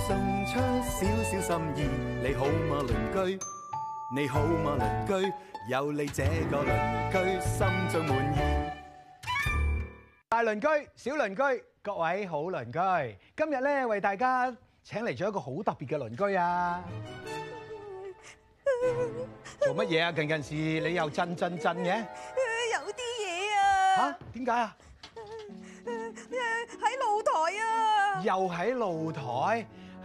送出少少心意，你好嗎鄰居？你好嗎鄰居？有你這個鄰居，心最滿意。大鄰居、小鄰居，各位好鄰居，今日咧為大家請嚟咗一個好特別嘅鄰居啊！做乜嘢啊？近近時，你又震震震嘅？有啲嘢啊！吓？點解啊？喺、呃呃、露台啊！又喺露台？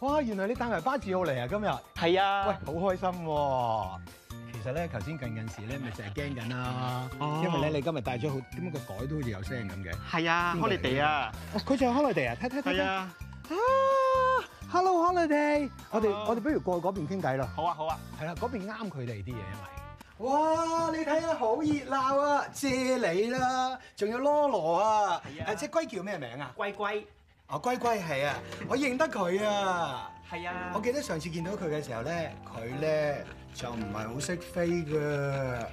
哇！原來你帶埋巴字奧嚟啊，今日係啊！喂，好開心喎！其實咧，頭先近近時咧，咪成日驚緊啦，因為咧你今日帶咗好點解個袋都好似有聲咁嘅？係啊，holiday 啊！佢仲有 holiday 啊！睇睇睇睇！啊！Hello holiday！我哋我哋不如過去嗰邊傾偈啦！好啊好啊！係啦，嗰邊啱佢哋啲嘢，因為哇！你睇啊，好熱鬧啊！謝你啦，仲有 Lolo 啊！隻龜叫咩名啊？龜龜。啊，龜龜係啊，我認得佢啊，係啊，我記得上次見到佢嘅時候咧，佢咧就唔係好識飛㗎，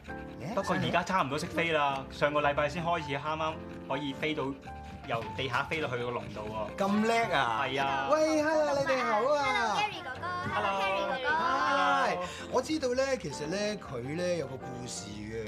不過而家差唔多識飛啦。上個禮拜先開始啱啱可以飛到，由地下飛到去個籠度喎。咁叻啊！係啊！喂，hello 著你哋好啊！hello Harry 哥哥，hello Harry 哥哥。係，我知道咧，其實咧佢咧有個故事嘅。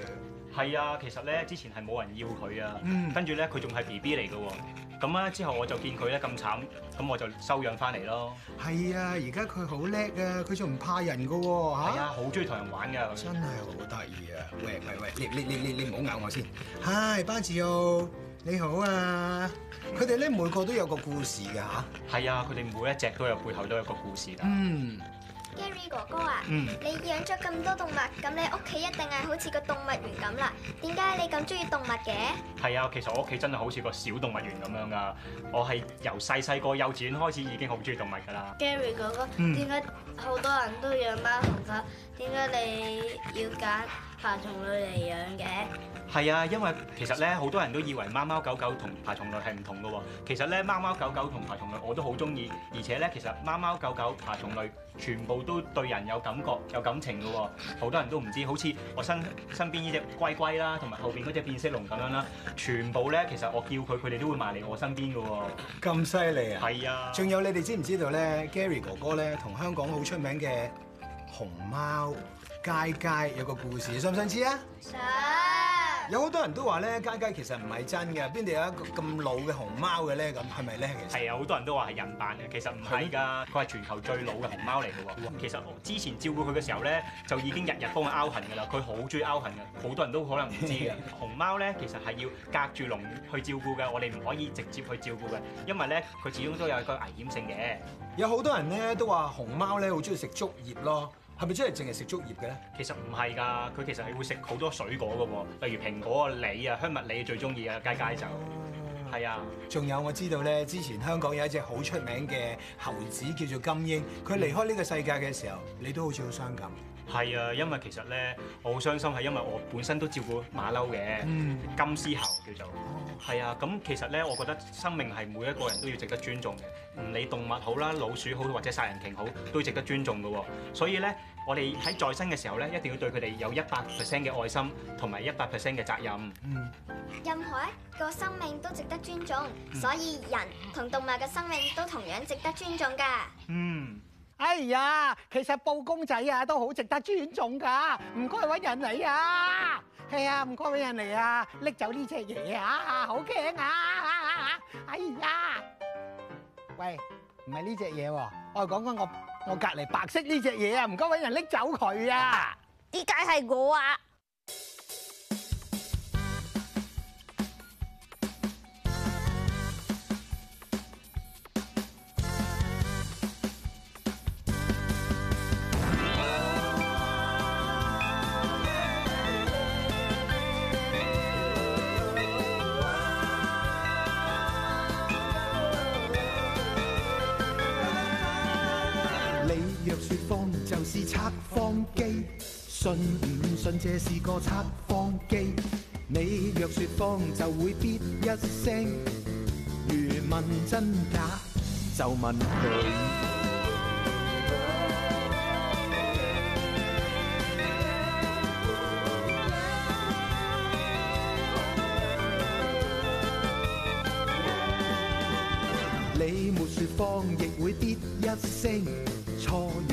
係啊，其實咧之前係冇人要佢啊，跟住咧佢仲係 B B 嚟㗎喎，咁啊之後我就見佢咧咁慘，咁我就收養翻嚟咯。係啊，而家佢好叻啊，佢仲唔怕人㗎喎嚇。係啊，好中意同人玩㗎。真係好得意啊！喂喂喂，你你你你你唔好咬我先。係，巴治奧，你好啊。佢哋咧每個都有個故事㗎嚇。係、嗯、啊，佢哋每一隻都有背後都有一個故事㗎。嗯 Gary 哥哥啊，嗯、你養咗咁多動物，咁你屋企一定係好似個動物園咁啦。點解你咁中意動物嘅？係啊，其實我屋企真係好似個小動物園咁樣噶。我係由細細個幼稚園開始已經好中意動物噶啦。Gary 哥哥，點解好多人都養貓、貓、同狗？點解你要揀爬蟲類嚟養嘅？係啊， 因為其實咧好多人都以為貓貓狗狗同爬蟲類係唔同嘅喎，其實咧貓貓狗狗同爬蟲類我都好中意，而且咧其實貓貓狗狗爬蟲類全部都對人有感覺有感情嘅喎，好多人都唔知，好似我身身邊呢隻龜龜啦，同埋後邊嗰隻變色龍咁樣啦，全部咧其實我叫佢佢哋都會埋嚟我身邊嘅喎。咁犀利啊！係是啊！仲有你哋知唔知道咧？Gary 哥哥咧同香港好出名嘅熊貓佳佳有個故事，你想唔想知啊？想。有好多人都話咧，佳佳其實唔係真嘅，邊度有一個咁老嘅熊貓嘅咧？咁係咪咧？其實係啊，好多人都話係人扮嘅，其實唔係㗎，佢係全球最老嘅熊貓嚟嘅喎。其實之前照顧佢嘅時候咧，就已經日日幫佢撓痕㗎啦，佢好中意撓痕嘅。好多人都可能唔知嘅， 熊貓咧其實係要隔住籠去照顧嘅，我哋唔可以直接去照顧嘅，因為咧佢始終都有一個危險性嘅。有好多人咧都話熊貓咧好中意食竹葉咯。係咪即係淨係食竹葉嘅咧？其實唔係㗎，佢其實係會食好多水果㗎喎，例如蘋果啊、梨啊、香蜜梨最鍾意啊，街街就。係啊，仲有我知道咧，之前香港有一隻好出名嘅猴子叫做金鷹，佢離開呢個世界嘅時候，你都好似好傷感。係啊，因為其實咧，我好傷心係因為我本身都照顧馬騮嘅金絲猴叫做。係啊，咁、嗯嗯、其實咧，我覺得生命係每一個人都要值得尊重嘅，唔理、嗯、動物好啦、老鼠好或者殺人鯨好，都值得尊重嘅喎。所以咧，我哋喺在，在生嘅時候咧，一定要對佢哋有一百 percent 嘅愛心同埋一百 percent 嘅責任。嗯。任何一個生命都值得尊重，所以人同動物嘅生命都同樣值得尊重噶。嗯，哎呀，其實布公仔啊都好值得尊重噶，唔該搵人嚟啊。係啊，唔該搵人嚟啊，拎走呢隻嘢啊，好驚啊！哎呀，喂，唔係呢隻嘢喎，我講緊我我隔籬白色呢隻嘢啊，唔該搵人拎走佢啊。點解係我啊？是測謊機，信唔信這是個測謊機？你若説謊就會嗶一聲，如問真假就問佢。 你沒説謊亦會嗶一聲，錯。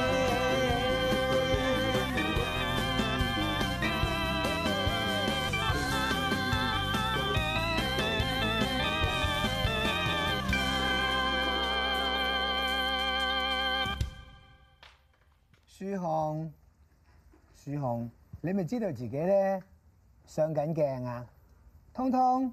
樹熊，樹熊，你咪知道自己咧上緊鏡啊？湯湯，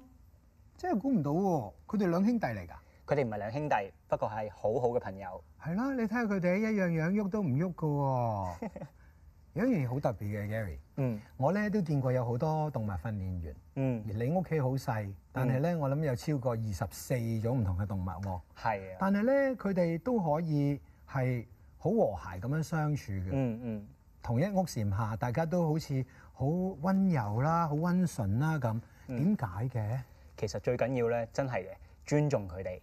真係估唔到喎、啊！佢哋兩兄弟嚟噶？佢哋唔係兩兄弟，不過係好好嘅朋友。係啦、啊，你睇下佢哋一樣樣喐都唔喐噶喎。 有一樣嘢好特別嘅 Gary，嗯，我咧都見過有好多動物訓練員，嗯，而你屋企好細，但係咧、嗯、我諗有超過二十四種唔同嘅動物喎。係啊，的但係咧，佢哋都可以係。好和諧咁樣相處嘅，嗯嗯、同一屋檐下，大家都好似好溫柔啦、好溫順啦咁。點解嘅？其實最緊要咧，真係嘅尊重佢哋，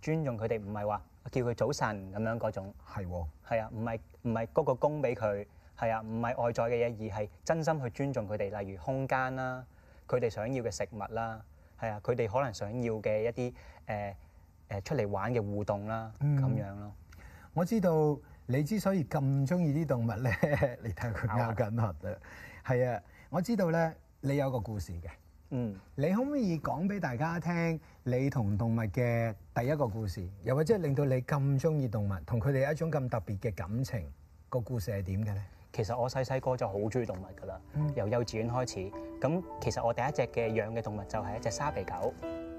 尊重佢哋唔係話叫佢早晨咁樣嗰種。係喎、哦。係啊，唔係唔係嗰個供俾佢，係啊，唔係外在嘅嘢，而係真心去尊重佢哋，例如空間啦、佢哋想要嘅食物啦，係啊，佢哋可能想要嘅一啲誒誒出嚟玩嘅互動啦，咁、嗯、樣咯。我知道你之所以咁中意啲動物咧，你睇佢拗緊交啦。係啊，我知道咧，你有個故事嘅。嗯。你可唔可以講俾大家聽，你同動物嘅第一個故事，又或者令到你咁中意動物，同佢哋有一種咁特別嘅感情，個故事係點嘅咧？其實我細細個就好中意動物㗎啦，嗯、由幼稚園開始。咁其實我第一隻嘅養嘅動物就係一隻沙皮狗。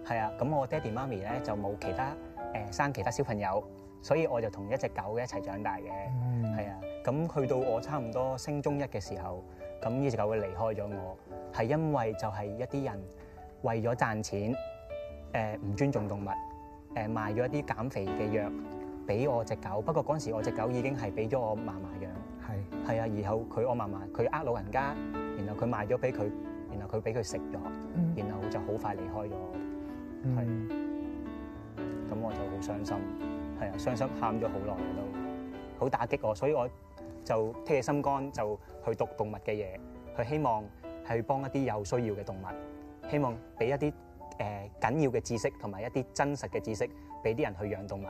係啊，咁我爹哋媽咪咧就冇其他誒、呃、生其他小朋友。所以我就同一隻狗一齊長大嘅，係、嗯、啊。咁去到我差唔多升中一嘅時候，咁呢隻狗會離開咗我，係因為就係一啲人為咗賺錢，誒、呃、唔尊重動物，誒、呃、賣咗一啲減肥嘅藥俾我隻狗。不過嗰陣時，我隻狗已經係俾咗我嫲嫲養，係係是啊。然後佢我嫲嫲佢呃老人家，然後佢賣咗俾佢，然後佢俾佢食咗，嗯、然後就好快離開咗，係咁、嗯、我就好傷心。係啊，傷心喊咗好耐都好打擊我，所以我就黐住心肝就去讀動物嘅嘢，去希望去幫一啲有需要嘅動物，希望俾一啲誒緊要嘅知識同埋一啲真實嘅知識俾啲人去養動物。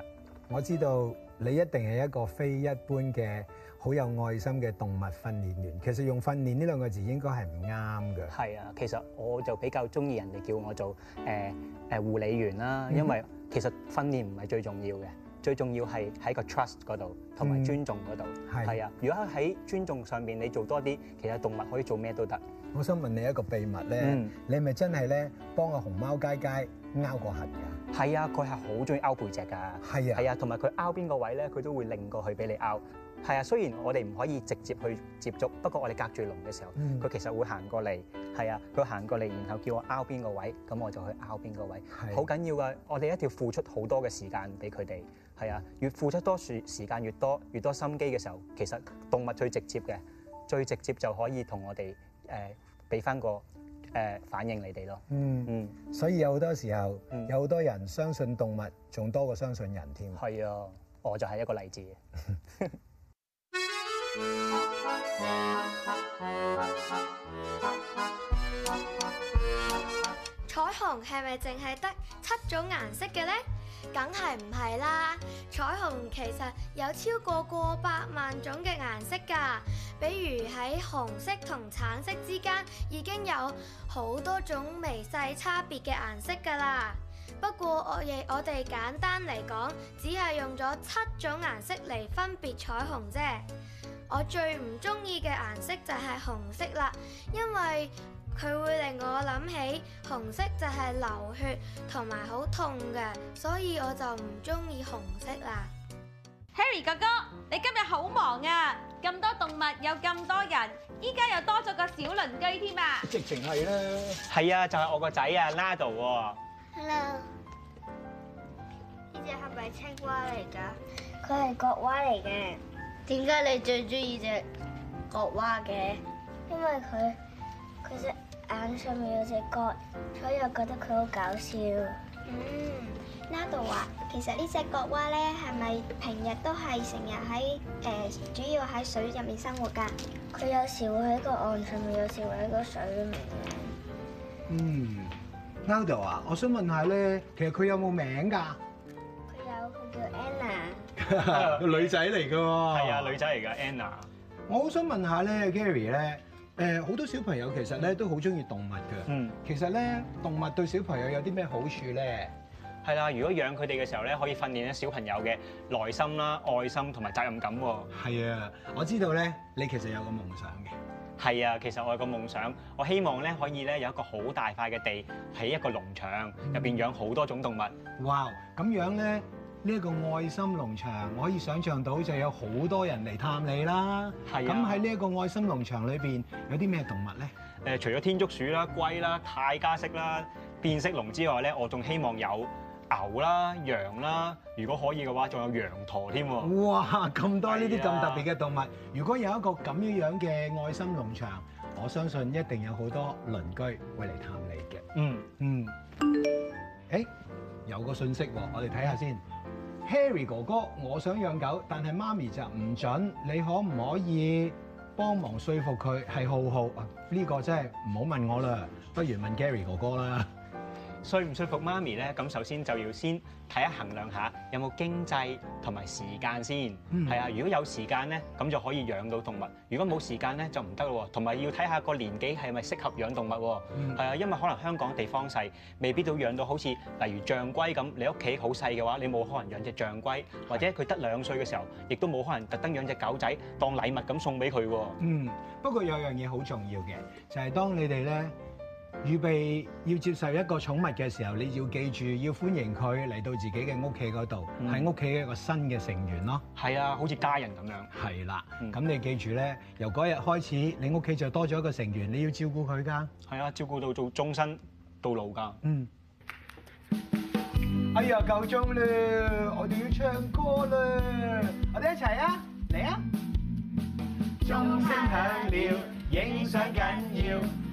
我知道你一定係一個非一般嘅好有愛心嘅動物訓練員，其實用訓練呢兩個字應該係唔啱嘅。係啊，其實我就比較中意人哋叫我做誒誒、呃呃、護理員啦、啊，因為、嗯、哼其實訓練唔係最重要嘅。最重要係喺個 trust 嗰度，同埋尊重嗰度。係啊，如果喺尊重上面你做多啲，其他動物可以做咩都得。我想問你一個秘密咧，你係咪真係咧幫個熊貓佳佳拗過痕㗎？係啊，佢係好中意拗背脊㗎。係啊，係啊，同埋佢拗邊個位咧，佢都會擰過去俾你拗。係啊，雖然我哋唔可以直接去接觸，不過我哋隔住籠嘅時候，佢其實會行過嚟。係啊，佢行過嚟，然後叫我拗邊個位，咁我就去拗邊個位。好緊要㗎，我哋一定要付出好多嘅時間俾佢哋。係啊，越付出多時時間越多，越多心機嘅時候，其實動物最直接嘅，最直接就可以同我哋誒俾翻個誒、呃、反應你哋咯。嗯嗯，嗯所以有好多時候，嗯、有好多人相信動物仲多過相信人添。係啊、嗯，我就係一個例子。 彩虹係咪淨係得七種顏色嘅咧？梗係唔係啦！彩虹其實有超過過百萬種嘅顏色噶，比如喺紅色同橙色之間已經有好多種微細差別嘅顏色噶啦。不過我亦我哋簡單嚟講，只係用咗七種顏色嚟分別彩虹啫。我最唔鍾意嘅顏色就係紅色啦，因為，佢會令我諗起紅色就係流血同埋好痛嘅，所以我就唔中意紅色啦。Harry 哥哥，你今日好忙啊！咁多動物，有咁多人，依家又多咗個小鄰居添啊！直情係啦，係啊，就係我個仔啊，Lado。Hello，呢隻係咪青蛙嚟噶？佢係角蛙嚟嘅。點解你最中意隻角蛙嘅？因為佢，佢隻。眼上面有隻角，所以我覺得佢好搞笑。嗯，Naldo 啊，其實呢隻角蛙咧，係咪平日都係成日喺誒，主要喺水入面生活噶？佢有時會喺個岸上面，有時會喺個水裏面。嗯，Naldo 啊，我想問下咧，其實佢有冇名噶？佢有，佢叫 Anna。個女仔嚟噶？係啊，女仔嚟噶 Anna。我好想問下咧，Gary 咧。誒好多小朋友其實咧都好中意動物㗎。嗯，其實咧動物對小朋友有啲咩好處咧？係啦，如果養佢哋嘅時候咧，可以訓練咧小朋友嘅耐心啦、愛心同埋責任感喎。係啊，我知道咧，你其實有個夢想嘅。係啊，其實我有個夢想，我希望咧可以咧有一個好大塊嘅地，喺一個農場入邊養好多種動物。哇！咁樣咧～呢一個愛心農場，我可以想象到就有好多人嚟探你啦。係啊，咁喺呢一個愛心農場裏邊有啲咩動物咧？誒，除咗天竺鼠啦、龜啦、泰加蜥啦、變色龍之外咧，我仲希望有牛啦、羊啦。如果可以嘅話，仲有羊駝添喎。哇！咁多呢啲咁特別嘅動物，如果有一個咁樣樣嘅愛心農場，我相信一定有好多鄰居會嚟探你嘅。嗯嗯。誒、嗯欸，有個信息喎，我哋睇下先。嗯。Harry 哥哥，我想養狗，但係媽咪就唔準。你可唔可以幫忙說服佢？係浩浩。呢個真係唔好問我啦，不如問 Gary 哥哥啦。說唔說服媽咪咧？咁首先就要先睇下，衡量下有冇經濟同埋時間先。係、嗯、啊，如果有時間咧，咁就可以養到動物；如果冇時間咧，就唔得咯。同埋要睇下個年紀係咪適合養動物。係、嗯、啊，因為可能香港地方細，未必到養到好似例如象龜咁。你屋企好細嘅話，你冇可能養隻象龜，或者佢得兩歲嘅時候，亦都冇可能特登養隻狗仔當禮物咁送俾佢。嗯，不過有樣嘢好重要嘅，就係、是、當你哋咧。預備要接受一個寵物嘅時候，你要記住要歡迎佢嚟到自己嘅屋企嗰度，喺屋企一個新嘅成員囉。係啊，好似家人咁樣。係啦，咁你記住呢，由嗰日開始，你屋企就多咗一個成員，你要照顧佢㗎。係啊，照顧到做終身到老㗎。嗯。哎呀，夠鐘啦！我哋要唱歌啦！我哋一齊啊，嚟啊！鐘聲響了，影相緊要。